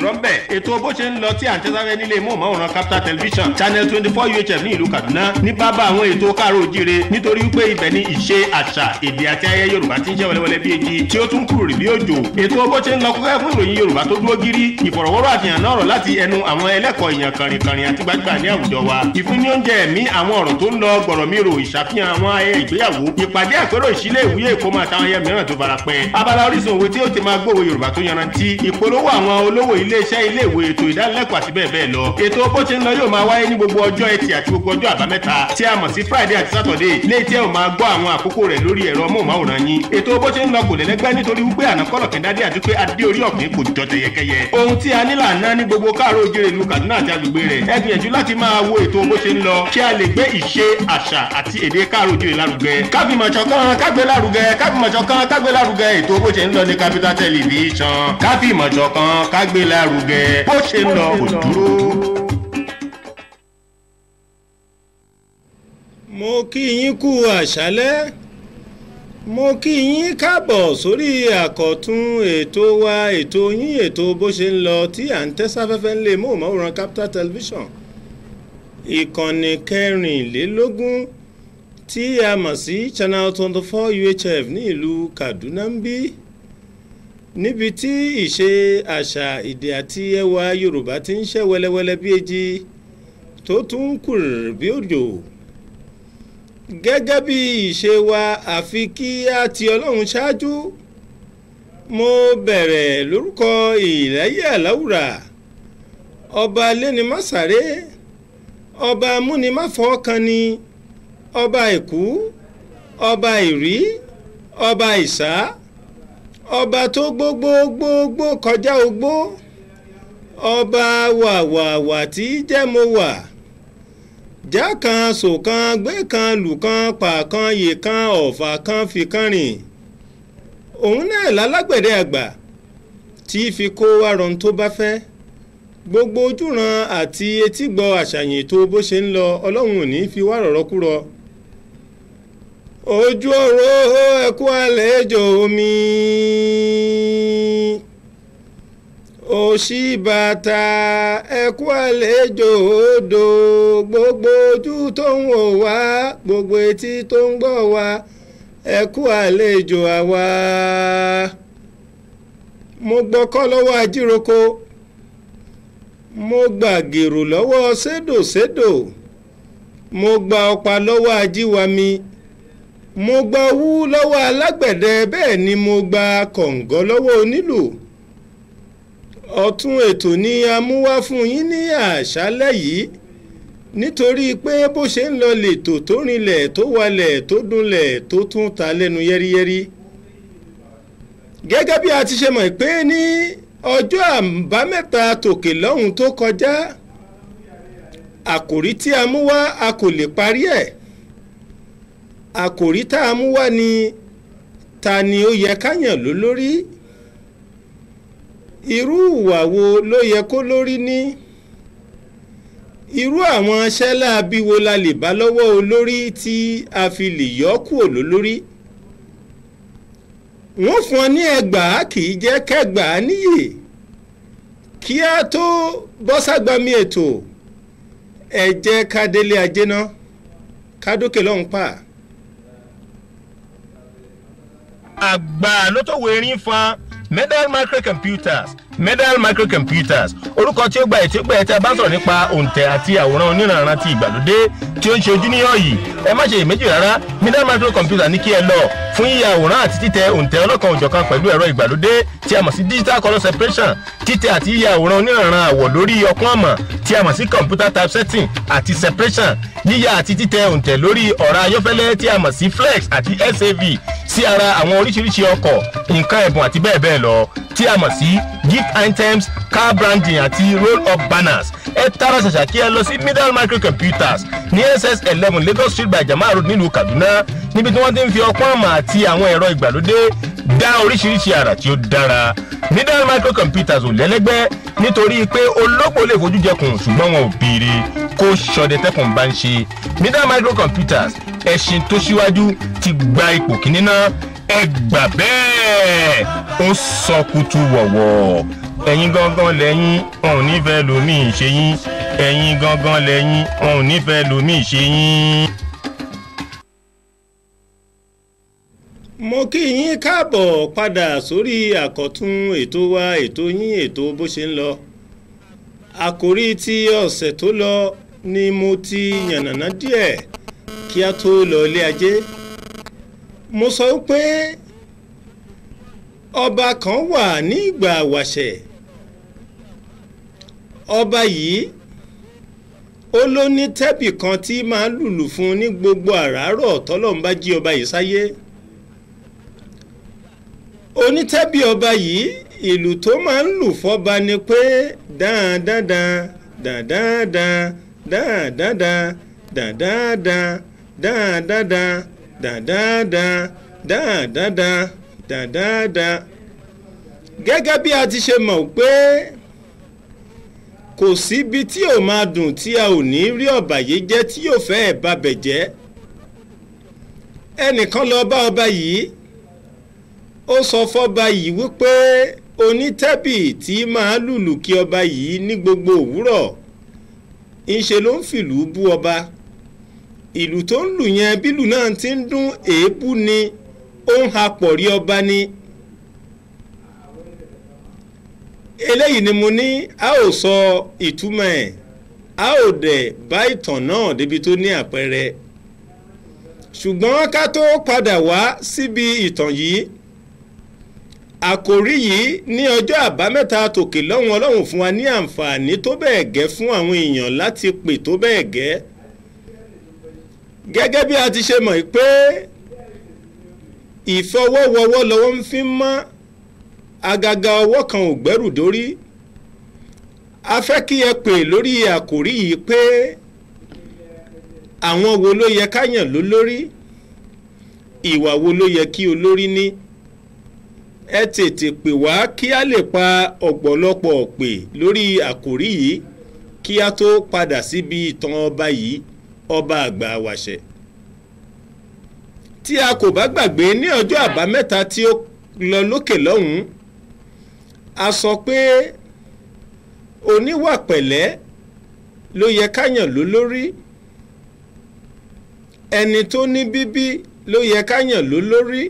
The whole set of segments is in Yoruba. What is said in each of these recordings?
rọ́ńbẹ́ ètò bó ṣe ń lọ tí à ń tẹ́sáfẹ́ nílé mọ́ọ̀mọ́ọ̀ràn Capital Television Channel twenty four UHF ní ìlú Kaduna ní bábà àwọn ètò káàró òjire nítorí wípé ibẹ̀ ni ìṣe àṣà èdè àti ayẹyẹ Yorùbá ti ń ṣe wẹ́lẹ́wẹ́lẹ́ bí egi tí ó tún kúrò rí bí òjò ètò bó ṣe ń lọ kọ́kẹ́ fún ìròyìn Yorùbá tó dúró gírí ìfọ̀rọ̀wọ́rọ̀ àfihàn náà rọ̀ láti ẹnu àwọn ẹlẹ́kọ̀ọ́ èèyàn kànrìnkànrìn àti gbajúgbà ní àwùjọ wa ìfúnni oúnjẹ ẹ̀mí àwọn ọ̀rọ̀ tó ń lọ gbọ̀rọ̀ mi rò ìṣàfihàn àwọn ayẹyẹ ìgbéyàwó ìpàdé àpérò ìṣílẹ̀ ìwúyè ìkómọ àtàwọn ayẹyẹ mìíràn tó fara pẹ́ abala ti máa gbòòwò Yorùbá tó iléeṣẹ́ iléèwé ètò ìdánilẹ́kọ̀ọ́ àti bẹ́ẹ̀ bẹ́ẹ̀ lọ ètò bó ṣe ń lọ yóò máa wáyé ní gbogbo ọjọ́ ẹtì àti gbogbo ọjọ́ àbámẹ́ta tí a mọ̀ sí friday àti saturday léyìí tí ẹ ò máa gbọ́ àwọn àkókò rẹ̀ lórí ẹ̀rọ móhùnmáwòrán yín ètò bó ṣe ń lọ kò lẹ́lẹ́gbẹ́ nítorí wípé ànákọ́lọ̀ kẹ́ndádé àti pé adé orí ọ̀pìn kò jọ tẹ̀yẹkẹ́yẹ ohun tí a nílà ná ní gbogbo káàró òjèrè ìlú kaduna àti agbègbè rẹ̀ ẹ gbìyànjú láti máa wo ètò bó ṣe ń lọ kí a lè gbé ìṣe àṣà àti èdè káàró òjèrè lárugẹ kábìmọ̀ṣọ kan kágbé lárugẹ lárugẹ bó ṣe lọ kò dúró. mo kí yín kú àṣálẹ́ mo kí yín káàbọ̀ sórí àkọ́tún ètò wa ètò yín ètò bó ṣe ń lọ tí à ń tẹ́sáfẹ́fẹ́ ńlẹ̀ móhùnmáwòrán Capital Television ìkànnì kẹrìnlélógún tí a mọ̀ sí channel twenty four UHF ní ìlú Kaduna ń bí níbi tí ìṣe àṣà èdè àti ẹwà yorùbá ti ń ṣẹ́ wẹ́lẹ́wẹ́lẹ́ bí ejì tó tún ń kùr bí òjò gẹ́gẹ́ bí ìṣe wa àfi kí a ti ọlọ́run ṣáájú mo bẹ̀rẹ̀ lórúkọ ìlẹ́yẹ àláwùrà ọba lẹ́ni másàré ọba múnimáfọ́kànni ọba èkú ọba ìrí ọba ìsá ọba tó gbogbogbò kọjá ogbó ọba wàwàwà tí jẹ́mo wà já kan sò kan gbé kan lù kan pa kan yè kan ọ̀fà kan fi kan rìn òun náà lálágbẹ̀dẹ àgbà tí fi kó arọ̀n tó bá fẹ́ gbogbo ojúran àti etígbọ̀ àṣàyàn ètò bó ṣe ń lọ ọlọ́run ò ní fi wá rọ̀rọ̀ kúrọ̀. ojú oho hó ẹkú àlejò omi òṣì bàtà ẹkú àlejò odò gbogbo ojú tó ń wò wá gbogbo etí tó ń gbọ́ wá ẹkú àlejò àwa mo gbọ́kọ́ lọ́wọ́ ajíroko mo gbà gèrò lọ́wọ́ sédòsédò mo gba ọ̀pá lọ́wọ́ ajíwa mo gba owú lọ́wọ́ alágbẹ̀dẹ bẹ́ẹ̀ ni mo gba kọ̀ǹgọ́ lọ́wọ́ onílù ọ̀tún ètò ni a mú wá fún yín ní àṣálẹ́ yìí nítorí pé bó ṣe ń lọ lètò tó rinlẹ̀ tó walẹ̀ tó dunlẹ̀ tó tún ta lẹ́nu yẹ́rìyẹ́rì gẹ́gẹ́ bí a ti ṣe mọ̀ pé ní ọjọ́ àbámẹ́ta tòkè lọ́hùn tó kọjá àkòrí tí a mú wá a kò lè parí ẹ̀. E àkòrí tá a mú wá ni ta ni ó yẹ káyàn lólórí irú ìwà wo ló yẹ kó lórí ní irú àwọn aṣẹ́ láabi wo la lè bá lọ́wọ́ olórí tí a fi lè yọ́ kúrò lólórí wọ́n fún ọ ní ẹgbàá kì í jẹ́ kẹgbàá níyì kí a tó bọ́ ságbami ètò ẹ jẹ́ ká délé lọ́hùn-ún pa. àgbà lótòwò erin fan medal microcomputers medal microcomputers orúkọ tí ó gba ètí ó gba ètí abásọ̀rọ̀ nípa òǹtẹ̀ àti àwòrán oníranran ti ìgbàlódé tí ó ń ṣe ojú níyàn yìí ẹ má ṣe iyèméjì rárá medal microcomputers ní kí ẹ lọ fún yíya àwòrán àti títẹ òǹtẹ̀ ọlọ́kan òjọ̀kan pẹ̀lú ẹ̀rọ ìgbàlódé tí a mọ̀ sí digital colour separation títẹ àti yíya àwòrán oníranran àwọ̀ lórí ọpọ́n àmọ̀ tí a mọ̀ sí computer typesetting àti separation yíya àti títẹ òǹtẹ̀ lórí ọ̀rá ayọ́fẹ́lẹ́ tí a mọ̀ sí flex àti sav sí ara àwọn oríṣiríṣi ọkọ̀ nǹkan ẹ̀bùn àti bẹ́ẹ̀ bẹ́ẹ̀ lọ tí a mọ̀ sí gift items car branding àti roll up banners ẹ tara ṣàṣà kí ẹ lọ sí middle microcomputers ní ss eleven lagos street by jamaa road nílùú kaduna níbi tí wọ́n ti ń fi ọpọ́n àmà àti àwọn ẹ̀rọ ìgbàlódé dá oríṣiríṣi àrà tí ó dára middle microcomputers ò lẹ́lẹ́gbẹ́ nítorí pé olóko lè fojú jẹkùn ṣùgbọ́n wọn ò béèrè kó ṣọdẹ tẹkùn bá ń ṣe middle microcomputers ẹ̀sìn tó ṣíwájú ti gba ipò kíní náà ẹ gbà bẹ́ẹ̀ ó sọ kutu wọ̀wọ̀ ẹ̀yin gangan lẹ́yìn ọ̀hún nífẹ̀ẹ́ lómi ìṣe yín ẹ̀yin gangan lẹ́yìn ọ̀hún nífẹ̀ẹ́ lómi ìṣe yín. mo kí yín káàbọ̀ padà sórí àkọ́tún ètò wa ètò yín ètò bó ṣe ń lọ àkòrí ti ọ̀sẹ̀ tó lọ ni mo ti yànnàná díẹ̀ kí a tó lọ ilé ajé mo sọ pé ọba kan wà ní ìgbà wàṣẹ̀ ọba yìí ó ló ní tẹ́bì kan tí máa lùlù fún ní gbogbo àràárọ̀ tọ́lọ́run bá jí ọba yìí sáyé onítẹ́bì ọba yìí ìlù tó máa ń lù fọ́ba ni pé dáadáadáa dáadáadáa dáadáadáa dáadáadáa dáadáadáa dáadáa dáadáa dáadáa gẹ́gẹ́ bí a ti ṣe mọ̀ pé kò síbi tí ò máa dùn tí a ò ní rí ọ̀bàyéjẹ́ tí yóò fẹ́ ẹ̀ babẹ̀ jẹ́ ẹnìkan lọ bá ọba yìí ó sọ fọba yìí wípé onítẹ́bì tí máa lùlù kí ọba yìí ní gbogbo òwúrọ̀ ńṣe ló ń fìlú bú ọba ìlù tó ń lù yẹn bílù náà ti ń dún èébú ni ó ń ha pọ̀rí ọba ni eléyìí ni mo ní a ò sọ ìtumọ̀ ẹ̀ a ò dẹ̀ bá ìtàn náà débi tó ní àpẹẹrẹ ṣùgbọ́n ká tó padà wá síbi ìtàn yìí àkòrí yìí ní ọjọ́ àbámẹ́ta tòkè lọ́hùn ọlọ́run fún wa ní àǹfààní tó bẹ́ẹ̀ gẹ́ fún àwọn èèyàn láti pè tó bẹ́ẹ̀ gẹ́ gẹ́gẹ́ bí a ti ṣe mọ̀ pé ìfọwọ́wọ́wọ́ lọ́wọ́ ń fi mọ́ agaga ọwọ́ kan ò gbẹ́rù dórí a fẹ́ kí ẹ pè lórí àkòrí yìí pé àwọn wo ló yẹ ká yàn lólórí ìwà wo ló yẹ kí olórí ní ẹ tètè pè wá kí a lè pa ọ̀pọ̀lọpọ̀ pè lórí àkòrí yìí kí a tó padà síbi ìtàn ọba yìí ọba àgbà àwàṣẹ tí a kò bá gbàgbé ní ọjọ́ àbámẹ́ta tí ó lọ lókè lọ́hùn-ún a sọ pé oníwà pẹ̀lẹ́ ló yẹ káyàn lólórí ẹni tó ní bíbí ló yẹ káyàn lólórí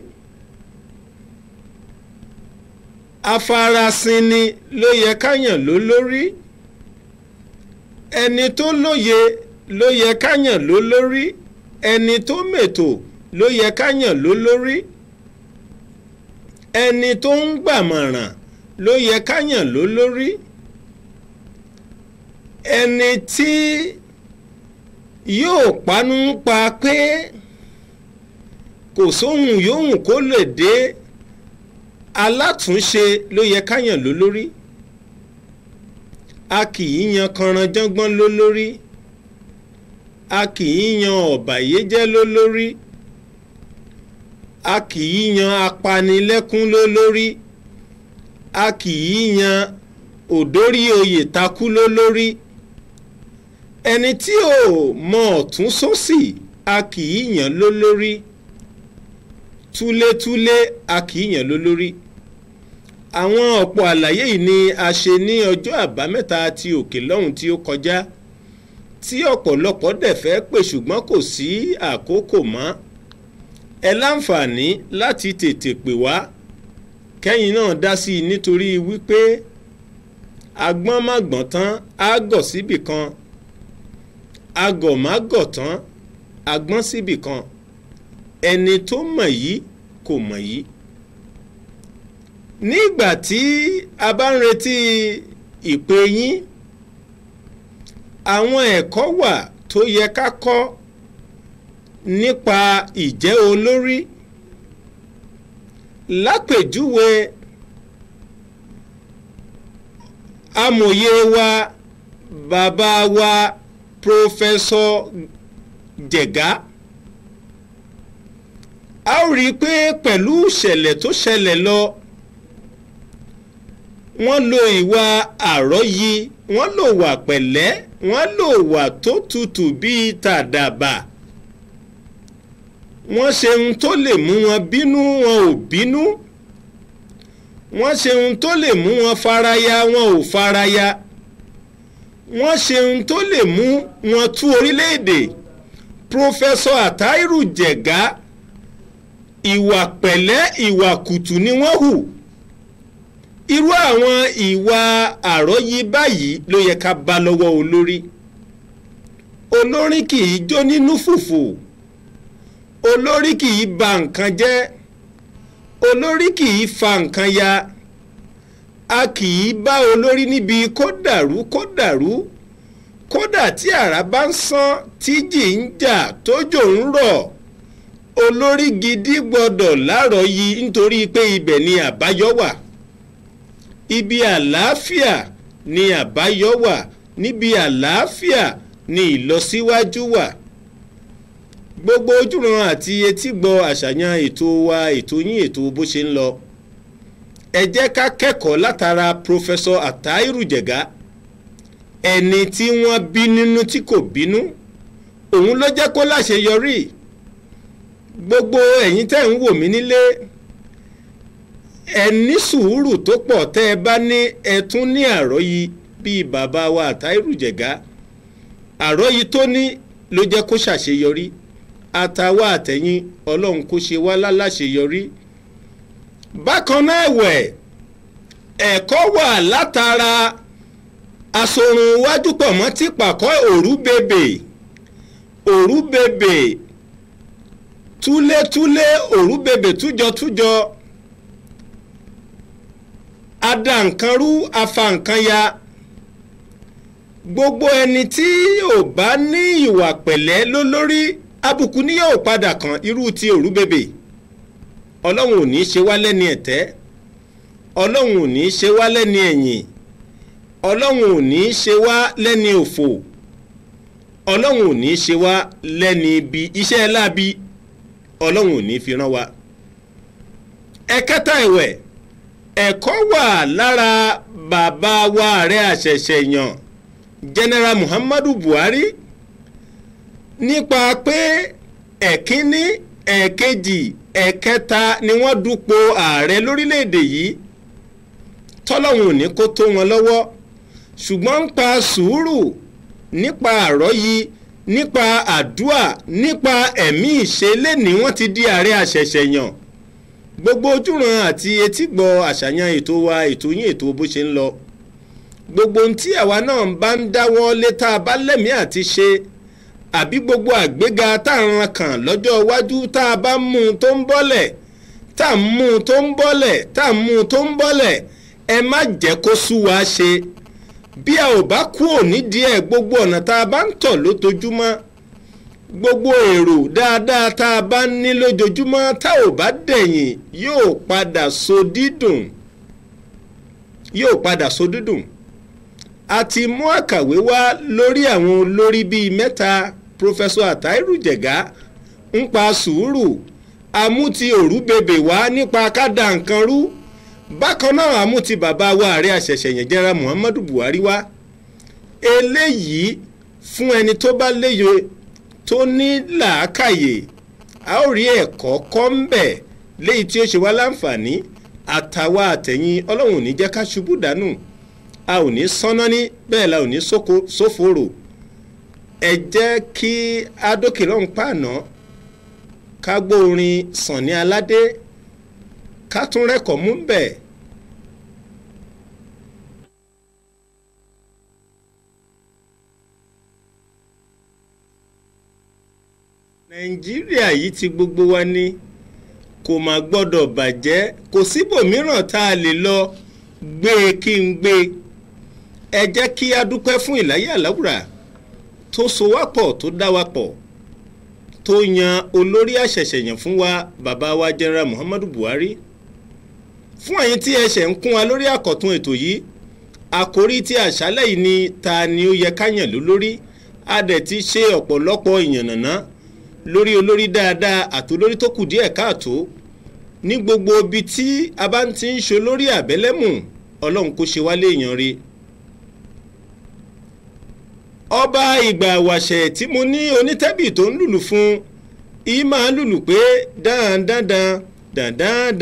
afarasinni ló yẹ káyàn lólórí ẹni tó lóye ló yẹ káyàn ló lórí ẹni tó mètò ló yẹ káyàn ló lórí ẹni tó ń gbàmọ̀ràn ló yẹ káyàn ló lórí ẹni tí yóò panu ń pa pé kò sóhun yóhun kó lè dé alátúnṣe ló yẹ káyàn ló lórí a kì í yan kanran jọ́ngbọ́n ló lórí a kì í yan ọ̀bàyéjẹ́ lólórí a kì í yan apanilẹ́kún lólórí a kì í yan òdórí oyè takú lólórí ẹni tí ò mọ ọ̀tún sósì a kì í yan lólórí túlétúlé a kì í yan lólórí àwọn ọ̀pọ̀ àlàyé yìí ni a ṣe ní ọjọ́ àbámẹ́ta ti òkè lọ́hùn tí ó kọjá tí ọ̀pọ̀lọpọ̀ dẹ̀ fẹ́ pè ṣùgbọ́n kò sí àkókò mọ́ ẹ láǹfààní láti tètè pè wá kẹ́yìn náà dá sí i nítorí wípé agbọ́n má gbọ́n tán á gọ̀ síbì kan agọ̀ má gọ̀ tán agbọ́n síbì kan ẹni tó mọ̀ yìí kò mọ̀ yìí. nígbà tí a bá ń retí ìpè yín àwọn ẹ̀kọ́ wà tó yẹ ká kọ́ nípa ìjẹ́ olórí lápèjúwe amòye wa bàbá wa pòfẹ́sọ̀ Jẹ̀gá a ó rí i pé pẹ̀lú ìṣẹ̀lẹ̀ tó ṣẹlẹ̀ lọ wọ́n lo ìwà àrọ́yí wọ́n lo wà pẹ̀lẹ́ wọ́n lo wà tó tutù bíi tàdàbà wọ́n ṣe ohun tó lè mú wọn bínú wọn ò bínú wọ́n ṣe tó lè mú wọn faraya wọn ò faraya wọ́n ṣe tó lè mú wọn tú orílẹ̀-èdè Professor Atairu Jega ìwà pẹ̀lẹ́ ìwà kùtù ni wọ́n hù irú àwọn ìwà àròyé báyìí ló yẹ ká bá lọ́wọ́ olórí olórí kì í jó nínú fùfù olórí kì í ba nǹkan jẹ́ olórí kì í fa nǹkan ya a kì í bá olórí níbi kó dàrú kó dàrú kódà tí àrá bá ń sán tíjì ń jà tójò ń rọ̀ olórí gidi gbọ́dọ̀ láròyí nítorí pé ibẹ̀ ni àbáyọ wà ibi àlàáfíà ni àbáyọ wà níbi àlàáfíà ni ìlọsíwájú wà gbogbo ojúran àti etígbọ́ àṣàyàn ètò wa ètò yín ètò bó ṣe ń lọ ẹ jẹ́ ká kẹ́kọ̀ọ́ látara Professor Attairu Jega ẹni tí wọ́n bí nínú tí kò bínú òun ló jẹ́ kó láṣeyọrí gbogbo ẹ̀yin tẹ́ ń wò mí nílé ẹ ní sùúrù tó pọ̀ tẹ́ ẹ bá ní ẹ ní àròyí bíi bàbá wa àtàírù jẹ̀gá àròyí tó ní ló jẹ́ kó ṣàṣeyọrí àtàwa àtẹ̀yìn ọlọ́run kó ṣe wá láláṣeyọrí bákan náà ẹ̀wẹ̀ ẹ̀kọ́ wà látara asorun iwájú pọ̀ mọ́ ti pàkọ́ òrú bèbè òrú bèbè túlétúlé òrú bèbè tújọtújọ. Tújọ, adankanrú afankan ya gbogbo ẹni tí ò bá ní ìwà pẹ̀lẹ́ ló lórí àbùkù ni yóò padà kan irú ti òrú bèbè ọlọ́run ò ní í ṣe wá lẹ́ni ẹ̀tẹ́ ọlọ́run ò ní í ṣe wá lẹ́ni ẹ̀yìn ọlọ́run ò ní í ṣe wá lẹ́ni òfò ọlọ́run ò ní í ṣe wá lẹ́ni ibi iṣẹ́ láabi ọlọ́run ò ní í fi rán wa ẹ̀kẹta ẹ̀wẹ̀ ẹ̀kọ́ wà lára bàbá wa ààrẹ àṣẹ̀ṣẹ̀ yàn general muhammadu buhari nípa pé ẹ̀kíní ẹ̀kejì ẹ̀kẹta ni wọ́n dupò ààrẹ lórílẹ̀‐èdè yìí tọ́lọ́hún ò ní kó tó wọn lọ́wọ́ ṣùgbọ́n ń pa sùúrù nípa àrọ́yí nípa àdúà nípa ẹ̀mí ìṣe lẹ́ni wọ́n ti di ààrẹ àṣẹ̀ṣẹ̀ yàn gbogbo ojúran àti etígbọ̀ àṣàyàn ètò wa ètò yín ètò bó ṣe ń lọ gbogbo ohun tí àwa náà bá ń dáwọ́ létà abálẹ̀mí àti ṣe àbí gbogbo àgbéga tá à ń kàn lọ́jọ́ iwájú tá a bá mú un tó ń bọ́lẹ̀ tá à mú un tó ń bọ́lẹ̀ tá à mú un tó ń bọ́lẹ̀ ẹ má jẹ́ kó sú wa ṣe bí a ò bá kú òní díẹ̀ gbogbo ọ̀nà tá a bá ń tọ̀ ló gbogbo èrò dáadáa tá a bá ní lójoojúmọ́ tá ò bá dẹ̀yìn yóò padà so dídùn yóò padà so dídùn a ti mú àkàwé wá lórí àwọn olórí bíi mẹ́ta pòfẹ́sọ àtàírù jẹ̀gá ń pa sùúrù àmúti òrú bèbè wá nípa kádà nǹkan rú bákan náà àmúti bàbá wa ààrẹ àṣẹ̀ṣẹ̀yẹ̀jẹ̀ra Muhammadu Buhari wá eléyìí fún ẹni tó bá léye tó ní làákàyè a ó rí ẹ̀kọ́ kọ́ ń bẹ̀ léyìí tí ó ṣe wá láǹfààní àtàwa àtẹ̀yìn ọlọ́run ò ní jẹ́ ká ṣubú dànù a ò ní sánná ní bẹ́ẹ̀ la ò ní sófòrò ẹ jẹ́ kí adókè lọ́hùn pààná ká gbọ́ orin Sànní Aládé ká tún rẹ́kọ̀ọ́ mú bẹ́ẹ̀ nàìjíríà yìí ti gbogbo wa ni kò má gbọ́dọ̀ bàjẹ́ kò síbòmíràn tá a lè lọ gbé e kí n gbé e ẹ jẹ́ kí a dúpẹ́ fún ìláyé àláwùrà tó so wá pọ̀ tó dá wa pọ̀ tó yan olórí àṣẹ̀ṣẹ̀yàn fún wa bàbá wa general muhammadu buhari fún ẹ̀yin tí ẹ ṣẹ̀ ń kún wa lórí àkọ́tún ètò yìí àkórí tí àṣálẹ̀ yìí ni ta ni ó yẹ ká yàn lólórí a dẹ̀ ti ṣe ọ̀pọ̀lọpọ̀ ìyànnàná lórí olórí dáadáa àtolórí tó kù díẹ̀ káàtó ní gbogbo ibi tí a bá ti ń ṣe olórí àbẹ́lẹ́mù ọlọ́run kó ṣe wá léèyàn rí. ọba ìgbà àwàṣẹ̀ tí mo ní onítẹ́bì tó ń lùlù fún yìí máa ń lùlù pé dáadáadáa dáadáadáa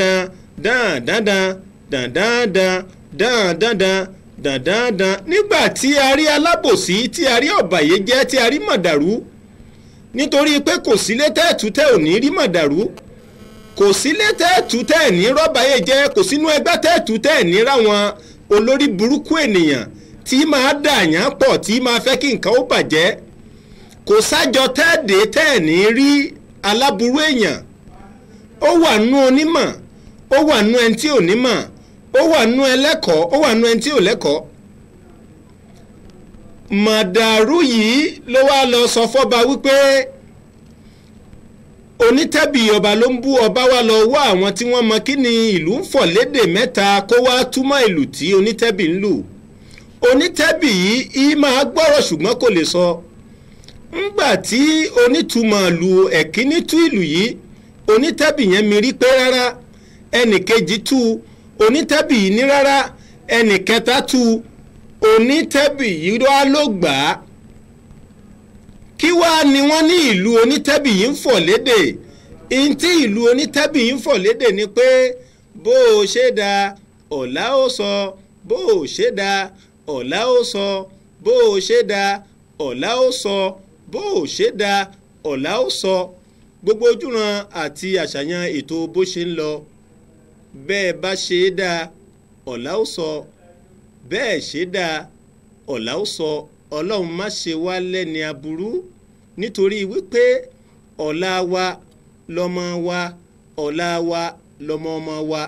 dáadáadáa dáadáadáa dáadáadáa dáadáadáa nígbà tí a rí alábòsí tí a rí ọ̀bàyéjẹ́ tí a rí mọ̀dàrú nítorí pé kò sílé tẹ́ẹ̀tù tẹ́ ò ní rí mọ̀dàrú kò sílé tẹ́ẹ̀tù tẹ́ ẹ̀ ní rọ́bàyè jẹ́ kò sínú ẹgbẹ́ tẹ́ẹ̀tù tẹ́ ẹ̀ ní ráwọn olórí burúkú ènìyàn tí máa dàyàn pọ̀ tí máa fẹ́ kí nǹkan ó bàjẹ́ kò sájọ tẹ́ẹ̀dé tẹ́ ẹ̀ ní rí aláburú èèyàn ó wà nú onímọ̀ ó wà nú ẹni tí ò nímọ̀ ó wà nú ẹlẹ́kọ̀ọ́ ó mọ̀dàrú yìí ló wá lọ sọ fọ́ba wípé onítẹ̀bí ọba ló ń bú ọba wá lọ wá àwọn tí wọ́n mọ kí ni ìlú ń fọ̀ lédè mẹ́ta kó wá túmọ̀ ìlú tí onítẹ̀bí ń lù onítẹ̀bí yìí í máa gbọ́rọ̀ ṣùgbọ́n kò lè sọ ńgbà tí onítùmọ̀ lu ẹ̀kíní tú ìlú yìí onítẹ̀bí yẹn mi rí pé rárá ẹnì kejì tú onítẹ̀bí yìí ní rárá ẹnì kẹta tú onítẹ́bì yìí wá ló gbà á kí wàá ni wọ́n ní ìlú onítẹ́bì yìí ń fọ̀ lédè ihun tí ìlú onítẹ́bì yìí ń fọ̀ lédè ni pé bó o ṣe da ọ̀la ó sọ bó o ṣe da ọ̀la ó sọ bó o ṣe da ọ̀la ó sọ bó o ṣe da ọ̀la ó sọ gbogbo ojúran àti àṣàyàn ètò bó ṣe ń lọ bẹ́ẹ̀ bá ṣe é dáa ọ̀la ó sọ. So, bẹ́ẹ̀ ṣe dáa ọ̀la ó sọ ọlọ́run má ṣe wá lẹ́ni aburú nítorí wípé ọ̀la wa lọ́mọ wa ọ̀la wa lọ́mọ ọmọ wa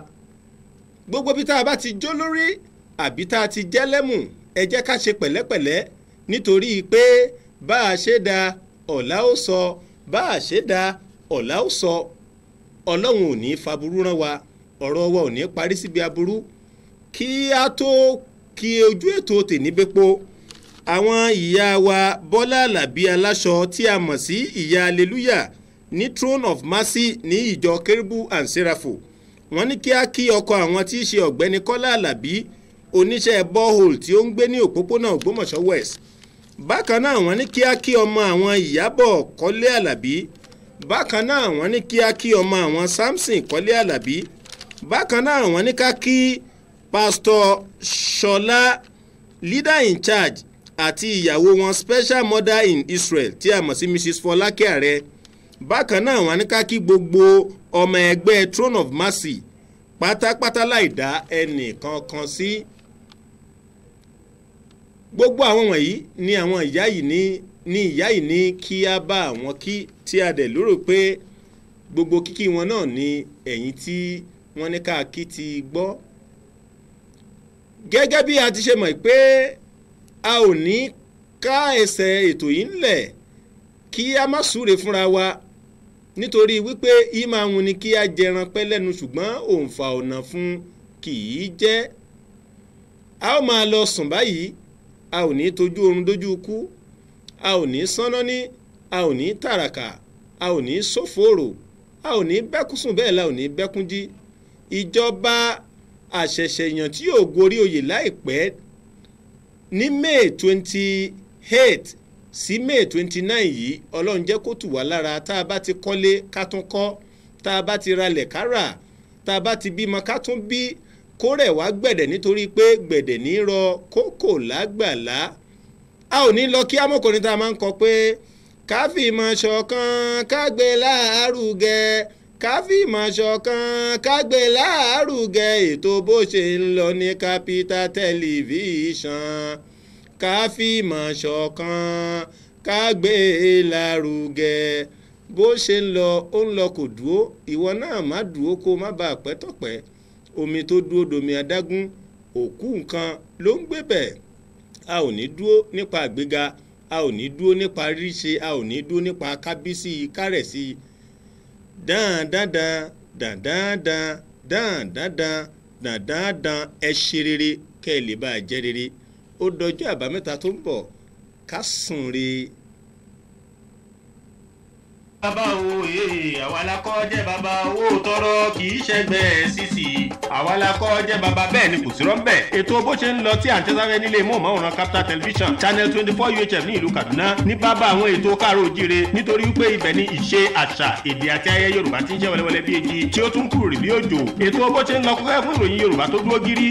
gbogbo bí tá a bá ti jó lórí àbí tá a ti jẹ́ lẹ́mù ẹ jẹ́ ká ṣe pẹ̀lẹ́pẹ̀lẹ́ nítorí pé bá a ṣe da ọ̀la ó sọ bá a ṣe da ọ̀la ó sọ ọlọ́run ò ní faburú rán wa ọ̀rọ̀ wa ò ní parí síbi aburú kí a tó kí ojú ètò tèmi bẹ́pọ̀ àwọn ìyá wa bọ́lá alábí aláṣọ tí a mọ̀ sí ìyá aleluya ní throne of mercy ní ìjọ kérúbù and seraphim wọ́n ní kí á kí ọkọ àwọn tí í ṣe ọ̀gbẹ́ni kọ́lá alábí oníṣẹ́ borehole tí ó ń gbé ní òpópónà ògbómọ̀ṣọ́ west bákan náà wọ́n ní kí á kí ọmọ àwọn ìyábọ̀ kọ́lé alábí bákan náà wọ́n ní kí á kí ọmọ àwọn samson kọ́lé alábí bákan náà wọ́n ní ká kí Pastor ṣọlá leader in charge àti ìyàwó wọn special mother in israel tí a mọ̀ sí mrs fọlákẹ́ ààrẹ bákan náà wọn ní ká kí gbogbo ọmọ ẹgbẹ́ throne of mercy pátápátá láì dá ẹnì kankan sí. gbogbo àwọn wọ̀nyí ni àwọn ìyá yìí ní ní ìyá yìí ní kí á bá àwọn kí tí a dẹ̀ lérò pé gbogbo kíkí wọn náà ni ẹ̀yìn tí wọ́n ní ká kí ti gbọ́ gẹ́gẹ́ bí a ti ṣe mọ̀ pé a ò ní ká ẹsẹ̀ ètò yìí ńlẹ̀ kí a má súre fúnra wa nítorí wípé ìmọ̀ àwọn ni kí a jẹran pẹ́ lẹ́nu ṣùgbọ́n òǹfà ọ̀nà fún kì í jẹ́ a ó máa lọ sùn báyìí a ò ní tọ́jú oorun dójú ikú a ò ní sánná ní a ò ní tàràkà a ò ní ṣòfòrò a ò ní bẹ́kùn bẹ́ẹ̀ la ò ní bẹ́kùn jí ìjọba àṣẹ̀ṣẹ̀ èèyàn tí yóò gorí oyè láìpẹ́ ní may twenty eight sí may twenty nine yìí ọlọ́run jẹ́ kó tù wá lára tá a bá ti kọ́lé ká tún kọ́ tá a bá ti ralẹ̀ ká rà tá a bá ti bímọ ká tún bí kó rẹ̀ wá gbẹ̀dẹ̀ nítorí pé gbẹ̀dẹ̀ ní rọ kókò lágbàlá a ò ní lọ kí amọ̀kùnrin tá a máa ń kọ pé káfíìmọ̀ ṣọ̀kan kágbé láàárùgẹ́ ká fìmọ̀ ṣọ̀kan ká gbé lárugẹ ètò bó ṣe ń lọ ní Capital Television ká fìmọ̀ ṣọ̀kan ká gbé lárugẹ bó ṣe ń lọ ó ń lọ kò dúró ìwọ náà má dúró kó má bàa pẹ́ tọ̀pẹ́ omi tó dúró domi adágún òkú nǹkan ló ń gbé a ò ní dúró nípa àgbéga a ò ní dúró nípa ríṣe a ò ní dúró nípa kábísí kárẹ̀ sí i dáadáa dáadáa dáadáa dáadáa ẹ ṣe rere kẹ́ ẹ lè bá a jẹ́ rere ó dọjọ́ àbámẹ́ta tó ń bọ̀ ká sùn re bàbá o ee àwa la kọ́ jẹ́ bàbá owó tọrọ kì í ṣẹgbẹ́ sísì àwa la kọ́ jẹ́ bàbá bẹ́ẹ̀ ni kò sí rọ́ńbẹ́ ètò bó ṣe ń lọ tí à ń tẹ́sáré nílé mọ́ọ̀mọ́ràn Capital Television Channel twenty four UHF ní ìlú Kaduna ní bàbá àwọn ètò káàró òjire nítorí wípé ibẹ̀ ni ìṣe àṣà èdè àti ayẹyẹ Yorùbá ti ń ṣe wẹlẹwẹlẹ bí eji tí ó tún kúrò rí bí òjò ètò bó ṣe ń lọ kọ́kẹ́ fún ìròyìn Yorùbá tó dúró gírí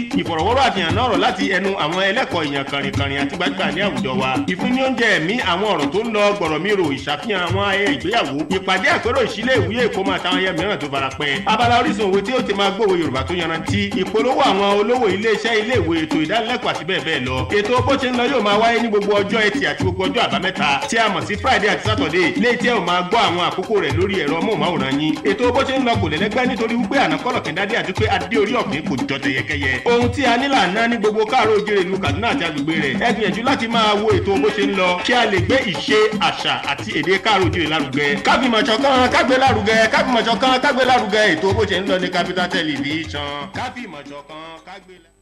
ìpàdé àpérò ìṣílẹ̀ ìwúyè ìkómọ àtàwọn ẹyẹ mìíràn tó fara pẹ́. abala Orísun òwe tí ó ti máa gbòòwò Yorùbá tó yanrantí ìpolówó àwọn olówó iléeṣẹ́ ilé ìwé ètò ìdánilẹ́kọ̀ọ́ àti bẹ́ẹ̀ bẹ́ẹ̀ lọ. ètò bó ṣe ń lọ yóò máa wáyé ní gbogbo ọjọ́ ẹtì àti gbogbo ọjọ́ àbámẹ́ta tí a mọ̀ sí Friday àti Saturday léyìí tí ẹ ò máa gbọ́ àwọn àkókò rẹ̀ lórí ẹ̀rọ móhùnmáwòrán yín. ètò bó ṣe ń lọ kò lẹ́lẹ́gbẹ́ nítorí wípé ànákọ́lọ̀ kẹ́dádé àti pé adé orí ọ̀gbìn kò jọ tẹ̀yẹkẹ́yẹ. ohun tí a nílà ná ní gbogbo káàró òjèrè ìlú káfíìmọ̀ṣọ̀kan kágbélárugẹ káfíìmọ̀ṣọ̀kan kágbélárugẹ ètò bó ṣe ń lọ ní Capital Television káfíìmọ̀ṣọ̀kan kágbélárugẹ.